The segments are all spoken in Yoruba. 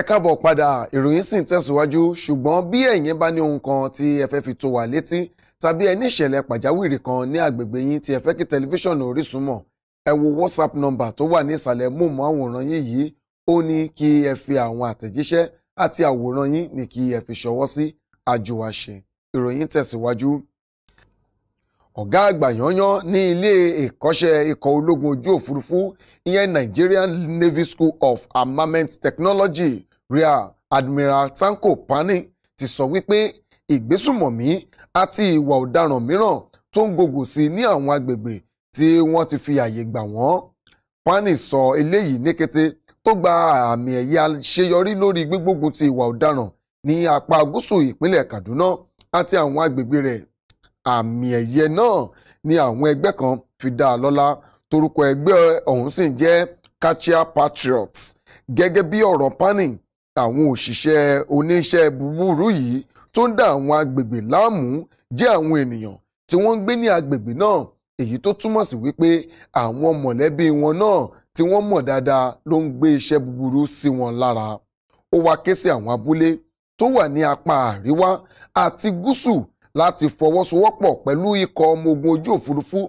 ẹ káàbọ̀ padà ìròyìn sì ń tẹ̀síwájú ṣùgbọ́n bí ẹ̀yin bá ní ohun kan tí ẹ fẹ́ fi tó wa létí tàbí ẹ ní ìṣẹ̀lẹ̀ pàjáwìrì kan ní àgbègbè yín tí ẹ fẹ́ kí tẹlifíṣàn Orísun mọ̀ ẹ wo WhatsApp number tó wà ní ìsàlẹ̀ mòmọ́ àwòrán yín yìí ó ní kí ẹ fi àwọn àtẹ̀jíṣẹ́ àti àwòrán yín ní kí ẹ fi ṣọwọ́ sí àjò ìròyìn tẹ̀síwájú ọ̀gá àgbà yanyan ní ilé ìkọ́ṣẹ́ ikọ̀ ológun ojú òfurufú ìyẹn Nigerian Navy School of Armament Technology Rear Admiral Tanko Pani ti sọ wípé ìgbésùmọ̀mí àti ìwà ọ̀daràn mìíràn tó ń gògò sí ní àwọn agbègbè tí wọ́n ti fi àyè gbà wọ́n. Pani sọ eléyìí ní kété tó gba àmì ẹ̀yẹ àṣeyọrí lórí gbígbógun ti ìwà ọ̀daràn ní apá gúúsù ìpínlẹ̀ Kaduna àti àwọn agbègbè rẹ̀ àmì ẹ̀yẹ náà ni àwọn ẹgbẹ́ kan fi dá a lọ́lá torúkọ ẹgbẹ́ ọ̀hún sì ń jẹ́ Kachia Patriots gẹ́gẹ́ bí ọ̀rọ̀ pani àwọn òṣìṣẹ́ oníṣẹ́ búburú yìí tó ń dá àwọn agbègbè láàmú jẹ́ àwọn ènìyàn tí wọ́n ń gbé ní agbègbè náà èyí tó túmọ̀ sí wípé àwọn mọ̀lẹ́bí wọn náà tí wọ́n mọ̀ dáadáa ló ń gbé iṣẹ́ búburú sí wọn lára ó wá ké sí àwọn abúlé tó wà ní apá àríwá àti gúúsù láti fọwọ́sowọ́pọ̀ pẹ̀lú ikọ̀ ọmọ ogun ojú òfurufú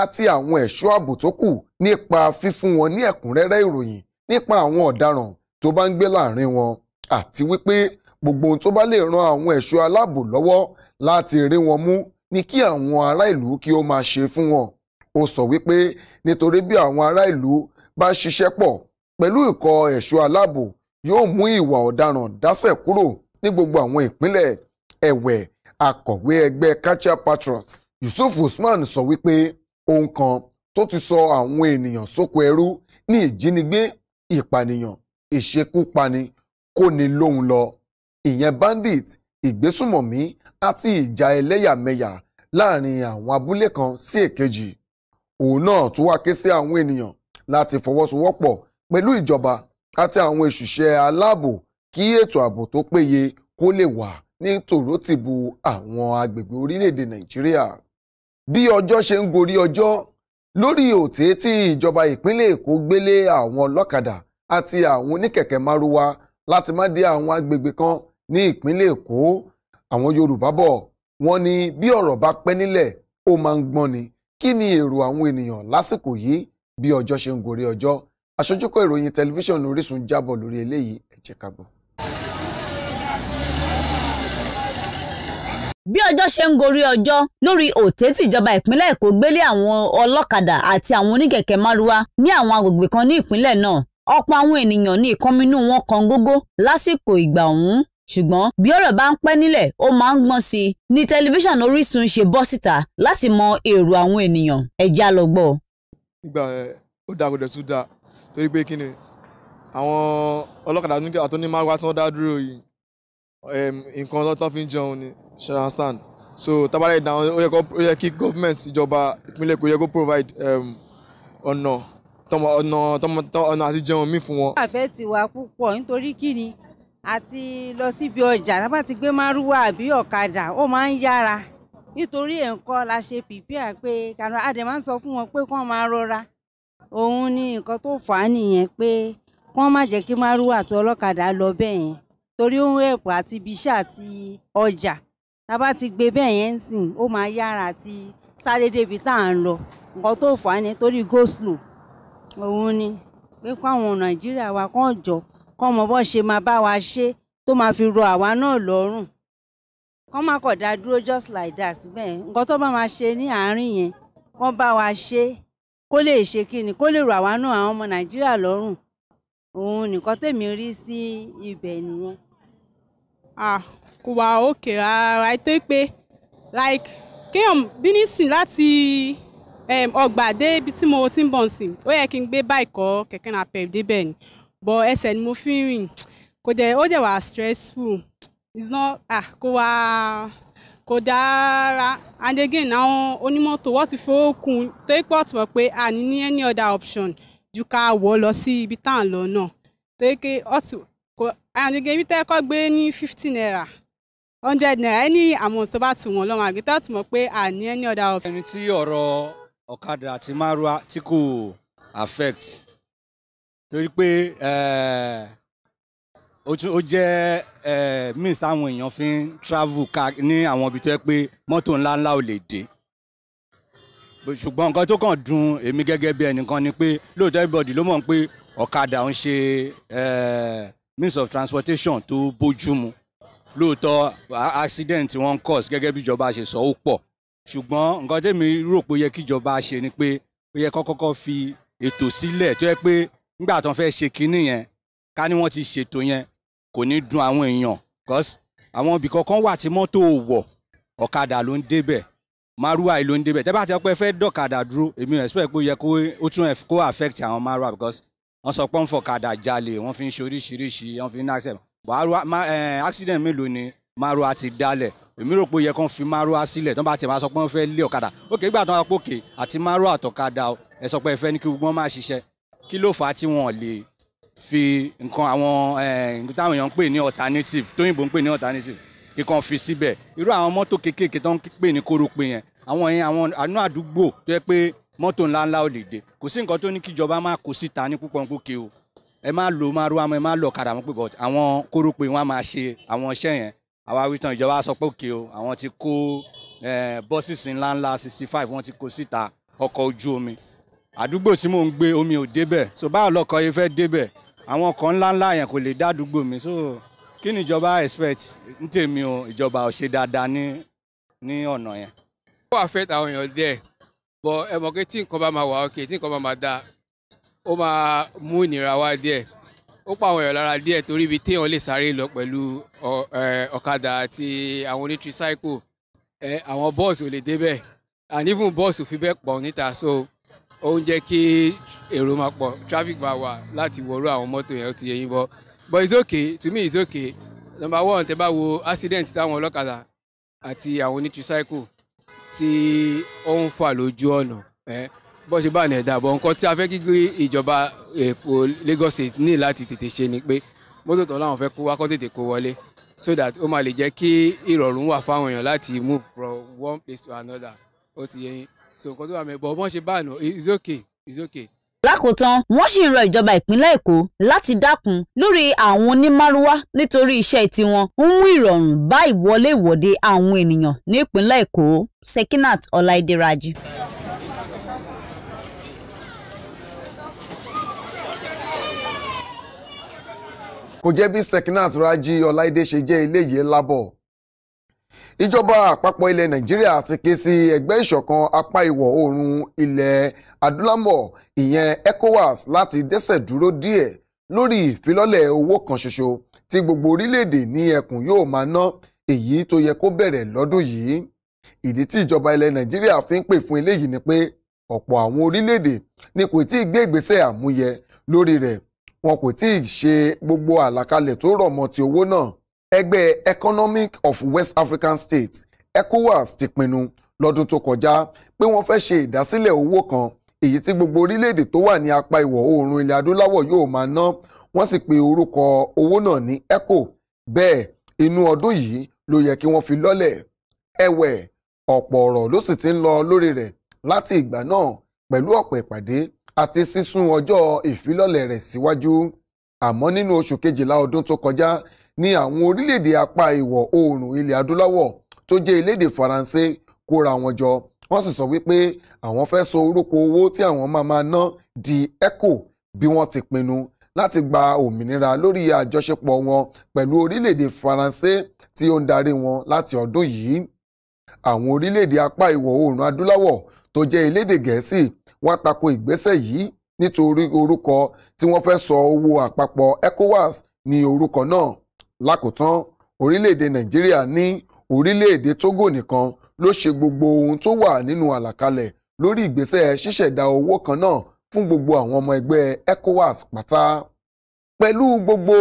àti àwọn ẹ̀ṣọ́ ààbò tó kù nípa fífún wọn ní ẹ̀kúnrẹ́rẹ́ ìròyìn nípa àwọn ọ̀daràn tó bá ń gbé láàrin wọn àti wípé gbogbo ohun tó bá lè ran àwọn ẹ̀ṣọ́ aláàbò lọ́wọ́ láti rí wọn mú ni kí àwọn ará ìlú kí ó máa ṣe fún wọn ó sọ wípé nítorí bí àwọn ará ìlú bá ṣiṣẹ́ pọ̀ pẹ̀lú ikọ̀ ẹ̀ṣọ́ aláàbò yóò mú ìwà ọ̀daràn dásẹ̀ kúrò ní gbogbo àwọn ìpínlẹ̀ ẹ̀wẹ̀ akọ̀wé ẹgbẹ́ Kachia Patriots Yusuf Usman sọ wípé ohun kan tó ti sọ àwọn ènìyàn sóko ẹrú ní ìjínigbé ìpànìyàn ìṣekúpani kóni lóhùn lọ ìyẹn bandit ìgbésùmọ̀mí àti ìjà ẹlẹ́yàmẹ̀yà láàrin àwọn abúlé kan sí èkejì òun náà tún wá ké sí àwọn ènìyàn láti fọwọ́sowọ́pọ̀ pẹ̀lú ìjọba àti àwọn òṣìṣẹ́ aláàbò kí ètò ààbò tó péye kó lè wà ní tòró ti bu àwọn agbègbè orílẹ̀-èdè nàìjíríà bí ọjọ́ ṣe ń gorí ọjọ́ lórí òté tí ìjọba ìpínlẹ̀ èkó gbélé àwọn ọlọ́kadà àti àwọn oníkẹ̀kẹ́ márúwá láti má dé àwọn agbègbè kan ní ìpínlẹ̀ èkó àwọn yorùbá bọ̀ wọ́n ní bí ọ̀rọ̀ bá pẹ́ nílẹ̀ ó máa ń gbọ́n ni kí ni èrò àwọn ènìyàn lásìkò yìí bí ọjọ́ ṣe ń gorí ọjọ́ aṣojúkọ ìròyìn tẹlifíṣàn Orísun jábọ̀ lórí eléyìí ẹ jẹ́ bí ọjọ́ ṣe ń gorí ọjọ́ lórí òté tí ìjọba ìpínlẹ̀ èkó gbélé àwọn ọlọ́kadà àti àwọn oníkẹ̀kẹ́ márúwá ní àwọn agbègbè kan ní ìpínlẹ̀ náà ọ̀pọ̀ àwọn ènìyàn ní ìkọminú wọn kan gógó lásìkò ìgbà ọ̀hún ṣùgbọ́n bí ọ̀rọ̀ bá ń pẹ́ nílẹ̀ ó máa ń gbọ́n sí i ní tẹlifíṣàn Orísun ṣe bọ́ síta láti mọ èrò àwọn ènìyàn ẹ̀já lọ gbọ́. ìgbà ẹ ó dáa kò dẹ̀ tún dáa torí pé kí ni àwọn ọlọ́kadà àtúní márùwá tí wọ́n dá dúró yìí nǹkan tó fi ń jẹun ni ṣe understand so tábàlẹ̀ ìdáhùn ó yẹ kó ó yẹ kí government ìjọba ìpínlẹ̀ Èkó yẹ kó provide um, ọ̀nà tọmọ ọ̀nà tọmọ ọ̀nà àti jẹun mí fún wọn. àfẹ́ ti wà púpọ̀ nítorí kí ni àti lọ síbi ọjà tábà ti gbé márúwá àbí ọ̀kadà ó máa ń yára nítorí ẹ̀ǹkọ́ la ṣe pìpíà pé kàná adẹ̀ máa ń sọ fún wọn pé kán máa rọra òun ni nǹkan tó fà á nìyẹn pé kán má jẹ́ kí márúwá àti ọlọ́kadà lọ bẹ́ẹ̀ yẹn torí ó ń ẹ̀pọ̀ àti ibiṣẹ́ àti ọjà tá a bá ti gbé bẹ́ẹ̀ yẹn ń sìn ó máa yára àti sáré débi tá à ń lọ nǹkan tó fà á ni torí go slow òun ni pé káwọn nàìjíríà wa kàn jọ kọ́ mọ bọ́ ṣe máa bá wa ṣe tó máa fi rọ àwa náà lọ́rùn kọ́ má kọ̀ dá dúró just like that síbẹ̀ nǹkan tó bá máa ṣe ní àárín yẹn kọ́ bá wa ṣe kó lè ṣe kí ni kó lè rọ àwa náà àwọn ọmọ nàìjíríà lọ́rùn òun nìkan tèmi rí sí ibẹ̀ nìyẹn ah kò wá òkè rárá ètò pé like kéèyàn bí nísìn láti ọgbà dé ibi tí mo ti ń bọ̀ nsìn ó yẹ kí n gbé báyìí kẹ̀kẹ́ náà pẹ̀ débẹ̀ ni bọ̀ ẹsẹ̀ ni mo fi ń rìn kò dẹ̀ ó dẹ̀ wá stressful it's not ah kò wá kò dára and again àwọn onímọ́tò wọ́n ti fowó kún tó pọ̀ tí wọ́n pé a ní ní any other option ju ká wọ̀ lọ sí ibi tá à ń lọ náà tó yẹ ọ̀tún àyànjẹ ibi tẹ́ kọ́ gbé ní fifty naira hundred naira ẹni àmọ́ tó bá tù wọ́n lọ́wọ́ àgbẹ̀ tó tù mọ́ pé àní ẹni ọ̀dà ọ̀fẹ́. ẹni tí ọ̀rọ̀ ọ̀kadà àti márúwá tí kò affect torí pé eh, ó jẹ́ eh, means táwọn èèyàn fi ń travel ká ní àwọn ibi tó yẹ pé mọ́tò ńláńlá ò lè dé ṣùgbọ́n nǹkan tó kàn dùn èmi gẹ́gẹ́ bí ẹnìkan ni pé lóòótọ́ everybody ló mọ̀ pé ọ̀kadà ń ṣe eh, means of transportation tó bójúmu lóòótọ́ accident tí wọ́n cause gẹ́gẹ́ bí ìjọba ṣe sọ ó pọ̀ ṣùgbọ́n nǹkan tèmi rò pé ó yẹ kí ìjọba ṣe ni pé ó yẹ kọ́kọ́kọ́ fi ètò sílẹ̀ tó yẹ pé nígbà tó ń fẹ́ ṣe kinní yẹn ká ní wọ́n ti ṣètò yẹn kò ní dùn àwọn èèyàn cos àwọn ibì kankan wà tí mọ́tò ò wọ̀ ọ̀kadà ló ń débẹ̀ márùwá ló ń débẹ̀ tẹ́ bá ti ọpẹ́ fẹ́ dọ̀kadà dúró èmi ò expect pé ó yẹ kó tún kó affect àwọn márùwá because wọ́n sọ pé wọ́n fọ̀kadà jalè wọ́n fi ń ṣe oríṣiríṣi wọ́n fi ń ná accident buhari accident mélòó ni márùá ti dálẹ̀ èmi rò pé ó yẹ kán fi márùá sílẹ̀ tó bá tiẹ̀ máa sọ pé wọ́n fẹ́ lé ọ̀kadà òkè gbà tó ń pò kè àti márùá àtọ̀kadà ẹ sọ pé ẹ fẹ́ ní kí gbogbo wọn máa ṣiṣẹ́ kí ló fà á tí wọn ò lè fi nǹkan àwọn nǹkan táwọn èèyàn ń pè ní alternative tóyìnbó ń pè ní alternative kíkan fi síbẹ̀ irú àwọn mọ́tò kéékèèké tó ń pè ní kórópè yẹn àwọn yẹn àwọn àdúgbò tó yẹ pé mọ́tò ńláńlá ò lè dé kò sí nǹkan tó ní kíjọba máa kó síta ní púpọ̀ nǹkókè o ẹ má lo márúwá mọ́ ẹ má lọ ọ̀kadà mọ́ pé but àwọn kórópè wọn á máa ṣe àwọn iṣẹ́ yẹn àwa wí tán ìjọba sọ pé òkè o àwọn ti kó bọ́sìsì ńláńlá sixty five wọ́n ti kó síta ọkọ̀ ojú omi àdúgbò tí mò ń gbé omi ò débẹ̀ so báwo lọkọ̀ yìí fẹ́ débẹ̀ àwọn ọkọ̀ ńláńlá yẹn kò lè dá mi so kí ni ìjọba expect ń tèmi o ìjọba ò ṣe dáadáa ní ní ọ̀nà yẹn. ó affect àwọn èèyàn díẹ̀ bọ ẹ mọ̀ pé tí nǹkan bá máa wà ókè tí nǹkan bá máa dáa ó máa mú ìnira wá díẹ̀ ó pa àwọn èèyàn lára díẹ̀ torí ibi téèyàn lè sáré lọ pẹ̀lú ọ̀kadà àti àwọn onítricycle àwọn bọ́ọ̀sì ò lè débẹ̀ and even bọ́ọ̀sì ò fi bẹ́ẹ̀ pọ̀ níta so ó ń jẹ́ kí èrò máa pọ̀ traffic máa wà láti wọ̀rú àwọn mọ́tò yẹn ó ti yẹ bọ́ but it's okay to me it's okay number one tẹ́ bá wo accident táwọn ọlọ́kadà àti àwọn onítricycle tí ó ń fà lójú ọ̀nà bó ṣe bá nẹ̀dá bọ̀ nǹkan tí a fẹ́ kíkí ìjọba èkó Lagos State ní láti tètè ṣe ni pé mọ́tò tó láwọn fẹ́ kó wá kó tètè kó wọlé so that ó máa lè jẹ́ kí ìrọ̀rùn wà fáwọn èèyàn láti move from one place to another ó ti yẹ yín so nǹkan tó wà mẹ́bọ̀ bọ́n ṣe bá àná it's okay it's okay lákòótán wọ́n sì rọ ìjọba ìpínlẹ̀ èkó láti dákun lórí àwọn onímárúwá nítorí iṣẹ́ tiwọn ń mú ìrọ̀rùn bá ìwọlé ìwọ̀de àwọn ènìyàn ní ìpínlẹ̀ èkó sekinat ọláìdé raji. kò jẹ́ bí sekinat raji ọláìdé ṣe jẹ́ eléyìí lábọ̀ ìjọba àpapọ̀ ilẹ̀ nàìjíríà ti ké sí ẹgbẹ́ ìṣọ̀kan apá ìwọ̀ oòrùn ilẹ̀ adúlámọ̀ ìyẹn ecowas láti dẹ́sẹ̀ dúró díẹ̀ lórí ìfilọ́lẹ̀ owó kan ṣoṣo tí gbogbo orílẹ̀-èdè ní ẹkùn yóò máa ná èyí tó yẹ kó bẹ̀rẹ̀ lọ́dún yìí ìdí tí ìjọba ilẹ̀ nàìjíríà fi ń pè fún eléyìí ni pé ọ̀pọ̀ àwọn orílẹ̀-èdè ni kò tí ì gbé ìgbésẹ̀ àmúyẹ lórí rẹ̀ wọn kò tí ì ṣe gbogbo àlàkalẹ̀ tó rọ̀ mọ́ ti owó náà ẹgbẹ́ Economic of West African States ECOWAS ti pinnu lọ́dún tó kọjá pé wọ́n fẹ́ ṣe ìdásílẹ̀ owó kan èyí tí gbogbo orílẹ̀-èdè tó wà ní apá ìwọ̀ oòrùn ilẹ̀ adúláwọ̀ yóò máa ná wọ́n sì pe orúkọ owó náà ní eco bẹ́ẹ̀ inú ọdún yìí ló yẹ kí wọ́n fi lọ́lẹ̀ ẹ̀wẹ̀ ọ̀pọ̀ ọ̀rọ̀ ló sì ti ń lọ lórí rẹ̀ láti ìgbà náà pẹ̀lú ọ̀pọ̀ ìpàdé àti sísún ọjọ́ ìfilọ́lẹ̀ rẹ̀ síwájú àmọ́ nínú oṣù kejìlá ọdún tó kọjá ní àwọn orílẹ̀-èdè apá ìwọ̀ oòrùn ilẹ̀ adúláwọ̀ tó jẹ́ iléèdè faransé kóra wọn jọ wọ́n sì sọ wípé àwọn fẹ́ sọ orúkọ owó tí àwọn máa máa ná di echo bí wọ́n ti pinnu láti gba òmìnira lórí àjọṣepọ̀ wọn pẹ̀lú orílẹ̀-èdè faransé tí ó ń darí wọn láti ọdún yìí àwọn orílẹ̀-èdè apá ìwọ̀ oòrùn adúláwọ̀ tó jẹ́ iléèdè gẹ̀ẹ́sì wá tako ìgbésẹ̀ yìí nítorí orúkọ tí wọ́n fẹ́ sọ owó àpapọ̀ ecowas ní orúkọ náà lákòótán orílẹ̀-èdè nàìjíríà ní orílẹ̀-èdè tógò nìkan ló ṣe gbogbo ohun tó wà nínú àlàkalẹ̀ lórí ìgbésẹ̀ ṣíṣẹ̀dá owó kan náà fún gbogbo àwọn ọmọ ẹgbẹ́ ecowas pátá pẹ̀lú gbogbo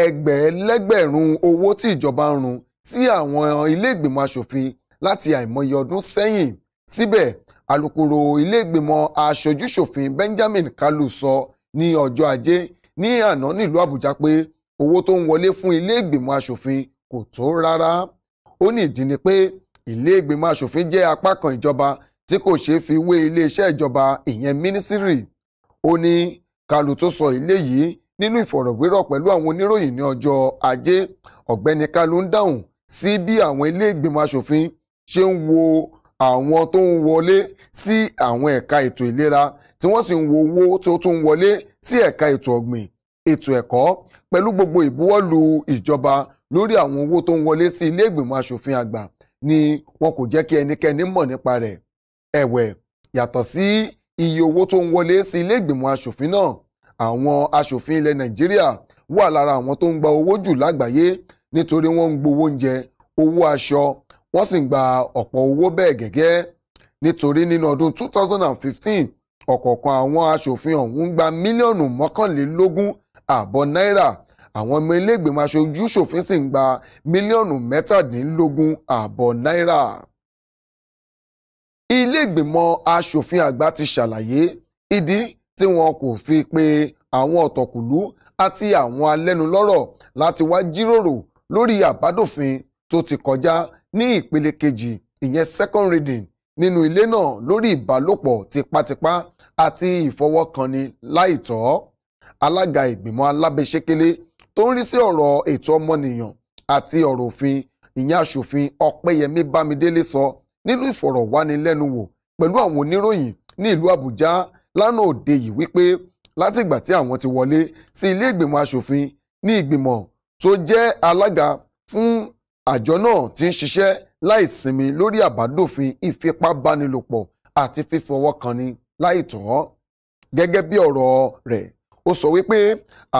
ẹgbẹ̀lẹ́gbẹ̀rún owó tí ìjọba ń run sí àwọn ilé ìgbìmọ̀ asòfin láti àìmọye ọdún sẹ́yìn síbẹ̀ alukoro ilé ìgbìmọ̀ aṣojúṣòfin Benjamin Kalu sọ ní ọjọ́ ajé ní àná nílùú Àbújá pé owó tó ń wọlé fún ilé ìgbìmọ̀ asòfin kò tó rárá ó ní ìdí ni pé ilé ìgbìmọ̀ asòfin jẹ́ apá kan ìjọba tí kò ṣeé fi wé iléeṣẹ́ ìjọba ìyẹn mínísírì ó ní Kalu tó sọ ilé yìí nínú ìfọ̀rọ̀wérọ̀ pẹ̀lú àwọn oníròyìn ní ọjọ́ ajé ọ̀gbẹ́ni Kalu ń dáhùn sí bí àwọn ilé ìgbìmọ̀ asòfin ṣe ń wo àwọn tó ń wọlé sí àwọn ẹ̀ka ètò ìlera tí wọ́n sì ń wo owó tó tún wọlé sí ẹ̀ka ètò ọ̀gbìn ètò ẹ̀kọ́ pẹ̀lú gbogbo ìbuwọ́lù ìjọba lórí àwọn owó tó ń wọlé sí ilé ìgbìmọ̀ asòfin àgbà ni wọn kò jẹ́ kí ẹnikẹ́ni mọ̀ nípa rẹ̀ ẹ̀wẹ̀ yàtọ̀ sí iye owó tó ń wọlé sí ilé ìgbìmọ̀ asòfin náà àwọn asòfin ilẹ̀ nàìjíríà wà lára àwọn tó ń gba owó jù lágbàáyé nítorí wọ́n ń gbowó oúnjẹ owó aṣọ wọ́n sì ń gba ọ̀pọ̀ owó bẹ́ẹ̀ gẹ́gẹ́ nítorí nínú ọdún 2015 ọ̀kọ̀ọ̀kan àwọn asòfin ọ̀hún gba mílíọ̀nù mọ́kànlélógún àbọ̀ náírà àwọn ọmọ ilé ìgbìmọ̀ aṣojú ṣòfin sì ń gba mílíọ̀nù mẹ́tàdínlógún àbọ̀ náírà. ilé ìgbìmọ̀ aṣòfin àgbà ti ṣàlàyé ìdí tí wọn kò fi pe àwọn ọ̀tọ̀kùlú àti àwọn alẹ́nulọ́rọ̀ láti wá jíròrò lórí àbádòfin tó ti kọjá ní ìpele kejì ìyẹn second reading nínú ilé náà lórí ìbálòpọ̀ tipátipá àti ìfọwọ́kànni láìtọ́ alága ìgbìmọ̀ alábẹ́sẹ́kélé tó ń rí sí ọ̀rọ̀ ètò ọmọnìyàn àti ọ̀rọ̀ òfin ìyẹn aṣòfin ọ̀pẹ́yẹmí bámidélé sọ nínú ìfọ̀rọ̀wánilẹ́nuwò pẹ̀lú àwọn oníròyìn ní ìlú àbújá lánàá òde yìí wípé látìgbà tí àwọn ti wọlé sí ilé ìgbìmọ̀ aṣòfin ní ìgbìmọ̀ tó jẹ́ alága fún àjọ náà ti ń ṣiṣẹ́ láì sinmi lórí àbádòfin ìfipábánilòpọ̀ àti fífọwọ́kànni láì gẹ́gẹ́ bí ọ̀rọ̀ rẹ̀ ó sọ wípé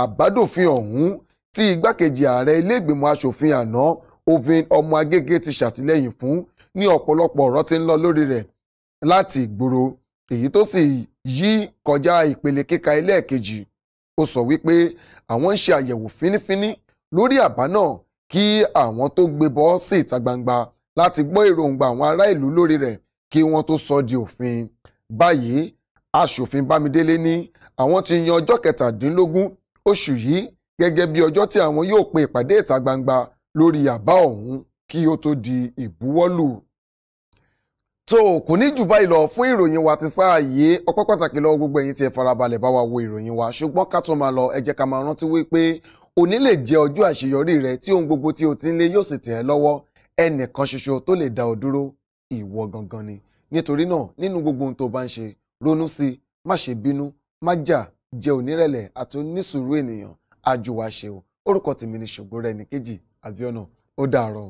àbádòfin ọ̀hún tí igbákejì ààrẹ iléègbìmọ̀ asòfin àná Ovin ọmọ agége ti ṣàtìlẹ́yìn fún ní ọ̀pọ̀lọpọ̀ ọ̀rọ̀ tí ń lọ lórí rẹ̀ láti ìgboro èyí tó sì yí kọjá ìpele kíka ẹlẹ́ẹ̀kejì ó sọ wípé àwọn ń ṣe àyẹ̀wò fínífíní lórí àbá náà kí àwọn tó gbé bọ́ sí ìta gbangba láti gbọ́ èròǹgbà àwọn ará ìlú lórí rẹ̀ kí wọ́n tó sọ di òfin báyìí aṣòfin bámidélé ní àwọn ti yan ọjọ́ kẹtàdínlógún oṣù yìí gẹ́gẹ́ bí ọjọ́ tí àwọn yóò pe ìpàdé ìta gbangba lórí àbá ọ̀hún kí ó tó di ìbuwọ́lù. tó kò ní jù báyìí lọ fún ìròyìn wa ti sáà yìí ọpẹ́ pàtàkì lọ́wọ́ gbogbo ẹ̀yin tí ẹ farabalẹ̀ bá wa wo ìròyìn wa ṣùgbọ́n ká tó máa lọ ẹ jẹ́ ká máa rántí wípé òní lè jẹ́ ọjọ́ àṣeyọrí rẹ tí ohun gbogbo tí o ti ń lé yóò sì tẹ̀ ẹ́ lọ́wọ́ ẹnìkan ṣoṣo tó lè dá ọ dúró ìwọ gangan ni nítorí náà nínú gbogbo ohun tó bá ń ṣe ronú sí i má ṣe bínú má jà jẹ́ onírẹ̀lẹ̀ àti onísùúrù ènìyàn àjò orúkọ tèmi ni ṣògo rẹ̀ ní kejì àbíọ́nà ó dàárọ̀